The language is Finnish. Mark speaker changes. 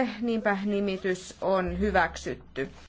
Speaker 1: Eh, niinpä nimitys on hyväksytty.